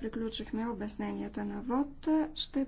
приключихме обясненията на ВОД. Ще